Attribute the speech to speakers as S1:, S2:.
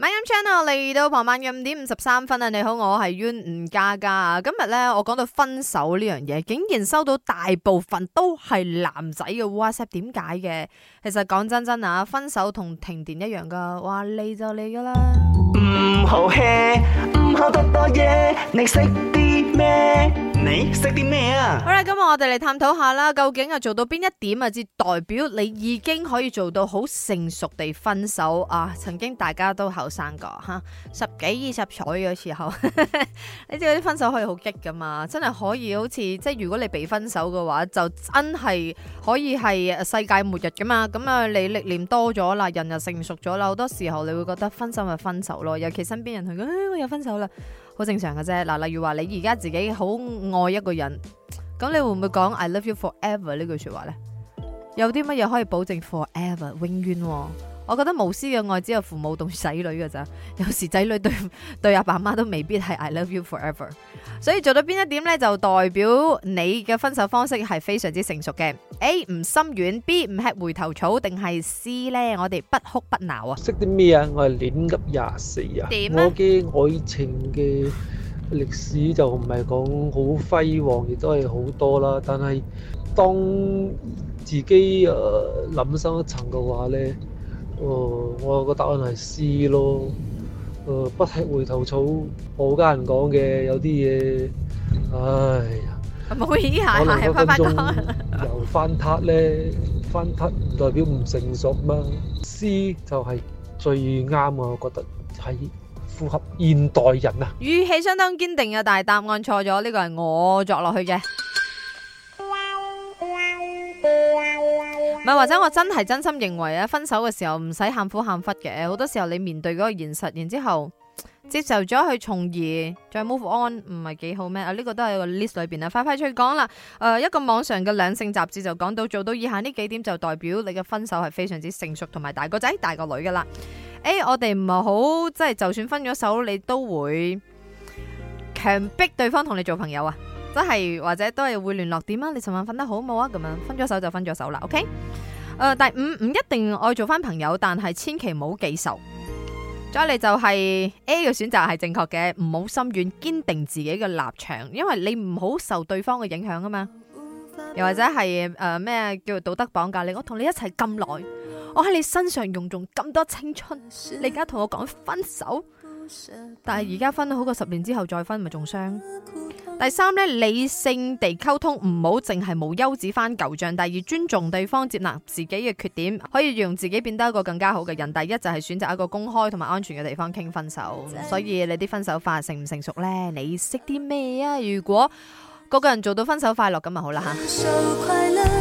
S1: My FM channel 嚟到傍晚嘅五點五十三分啦，你好，我係袁吳嘉嘉啊，今日咧我講到分手呢樣嘢，竟然收到大部分都係男仔嘅 WhatsApp，點解嘅？其實講真真啊，分手同停電一樣噶，話嚟就嚟噶啦。
S2: 唔好聽，唔好得多嘢。你識啲咩？你識啲咩啊？好
S1: 啦，今日我哋嚟探討下啦，究竟啊做到邊一點啊，至代表你已經可以做到好成熟地分手啊？曾經大家都後生過吓，十幾二十歲嘅時候， 你知嗰啲分手可以好激噶嘛？真係可以好似，即係如果你被分手嘅話，就真係可以係世界末日噶嘛？咁啊，你歷練多咗啦，人又成熟咗啦，好多時候你會覺得分手咪分手咯，尤其身邊人同佢講、哎，我又分手啦。好正常嘅啫，嗱，例如話你而家自己好愛一個人，咁你會唔會講 I love you forever 呢句說話呢？有啲乜嘢可以保證 forever 永遠喎、哦？我覺得無私嘅愛只有父母同仔女嘅咋。有時仔女對對阿爸阿媽都未必係 I love you forever。所以做到邊一點呢，就代表你嘅分手方式係非常之成熟嘅。A 唔心軟，B 唔吃回頭草，定係 C 呢？我哋不哭不鬧啊！
S2: 識啲咩啊？我係亂噏廿四啊！我嘅愛情嘅歷史就唔係講好輝煌，亦都係好多啦。但係當自己誒諗深一層嘅話呢。哦，我個答案係 C 咯。誒、呃，不吃回頭草，我家人講嘅有啲嘢，
S1: 唉呀，咪？我分分鐘
S2: 又翻撻咧，翻撻唔代表唔成熟嘛。C 就係最啱啊，我覺得係符合現代人啊。
S1: 語氣相當堅定啊，但係答案錯咗，呢、這個係我作落去嘅。唔係，或者我真係真心認為啊，分手嘅時候唔使喊苦喊忽嘅，好多時候你面對嗰個現實，然之後接受咗去，從而再 move on，唔係幾好咩？啊呢、這個都係個 list 裏邊啊，快快脆嚟講啦！誒、呃，一個網上嘅兩性雜誌就講到做到以下呢幾點就代表你嘅分手係非常之成熟同埋大個仔大個女噶啦。誒，我哋唔係好即係就算分咗手，你都會強逼對方同你做朋友啊。即係或者都係會聯絡點啊？你尋晚瞓得好冇啊？咁樣分咗手就分咗手啦，OK？誒，第五唔一定愛做返朋友，但係千祈唔好記仇。再嚟就係 A 嘅選擇係正確嘅，唔好心軟，堅定自己嘅立場，因為你唔好受對方嘅影響啊嘛。又或者係誒咩叫做道德綁架你？我同你一齊咁耐，我喺你身上用盡咁多青春，你而家同我講分手？但係而家分好過十年之後再分咪仲傷？第三呢，理性地溝通，唔好淨係無休止翻舊賬，第二，尊重對方，接納自己嘅缺點，可以讓自己變得一個更加好嘅人。第一就係、是、選擇一個公開同埋安全嘅地方傾分手。所以你啲分手法成唔成熟呢？你識啲咩啊？如果個個人做到分手快樂咁啊，就好啦